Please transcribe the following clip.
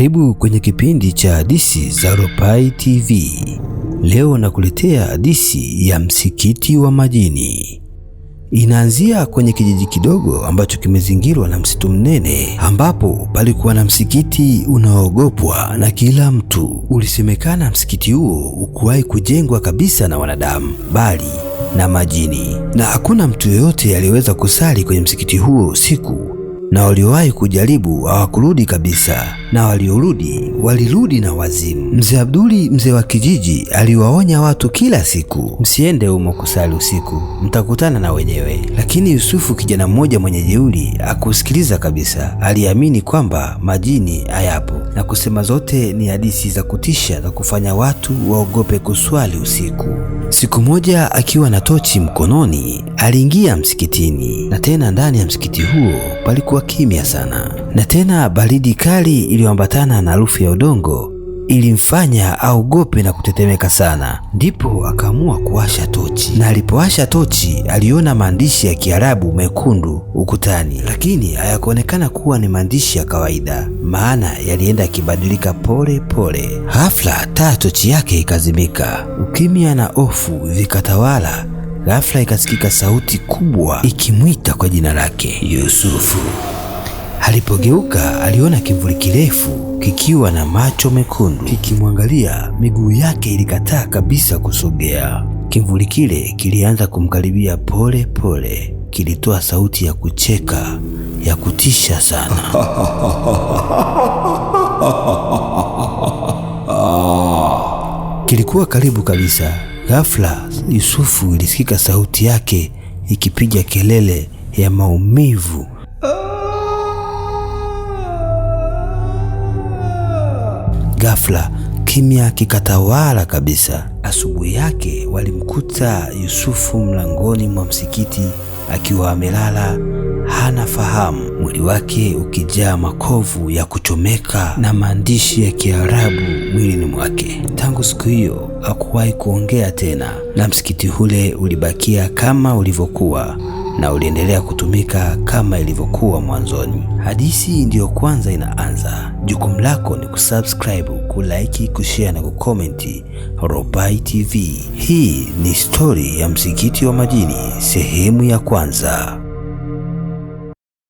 Karibu kwenye kipindi cha hadisi za Ropai TV. Leo nakuletea hadisi ya msikiti wa majini. Inaanzia kwenye kijiji kidogo ambacho kimezingirwa na msitu mnene, ambapo palikuwa na msikiti unaoogopwa na kila mtu. Ulisemekana msikiti huo ukuwahi kujengwa kabisa na wanadamu, bali na majini, na hakuna mtu yoyote aliyeweza kusali kwenye msikiti huo usiku na waliowahi kujaribu hawakurudi kabisa, na waliorudi walirudi na wazimu. Mzee Abduli, mzee wa kijiji, aliwaonya watu kila siku, msiende humo kusali usiku, mtakutana na wenyewe. Lakini Yusufu, kijana mmoja mwenye jeuri, akusikiliza kabisa. Aliamini kwamba majini hayapo na kusema zote ni hadithi za kutisha za kufanya watu waogope kuswali usiku. Siku moja akiwa na tochi mkononi, aliingia msikitini, na tena ndani ya msikiti huo palikuwa kimya sana, na tena baridi kali iliyoambatana na harufu ya udongo ilimfanya aogope na kutetemeka sana. Ndipo akaamua kuwasha tochi, na alipowasha tochi aliona maandishi ya Kiarabu mekundu ukutani, lakini hayakuonekana kuwa ni maandishi ya kawaida, maana yalienda yakibadilika pole pole. Ghafla taa tochi yake ikazimika, ukimya na hofu vikatawala ghafla ikasikika sauti kubwa ikimwita kwa jina lake Yusufu. Alipogeuka aliona kivuli kirefu kikiwa na macho mekundu kikimwangalia. Miguu yake ilikataa kabisa kusogea. Kivuli kile kilianza kumkaribia pole pole, kilitoa sauti ya kucheka ya kutisha sana. Kilikuwa karibu kabisa. Ghafla Yusufu ilisikika sauti yake ikipiga kelele ya maumivu. Ghafla kimya kikatawala kabisa. Asubuhi yake walimkuta Yusufu mlangoni mwa msikiti akiwa amelala hana fahamu, mwili wake ukijaa makovu ya kuchomeka na maandishi ya Kiarabu mwilini mwake. Tangu siku hiyo hakuwahi kuongea tena, na msikiti ule ulibakia kama ulivyokuwa na uliendelea kutumika kama ilivyokuwa mwanzoni. Hadithi ndiyo kwanza inaanza. Jukumu lako ni kusubscribe, kulike, kushare na kukomenti Ropai TV. Hii ni stori ya msikiti wa majini sehemu ya kwanza.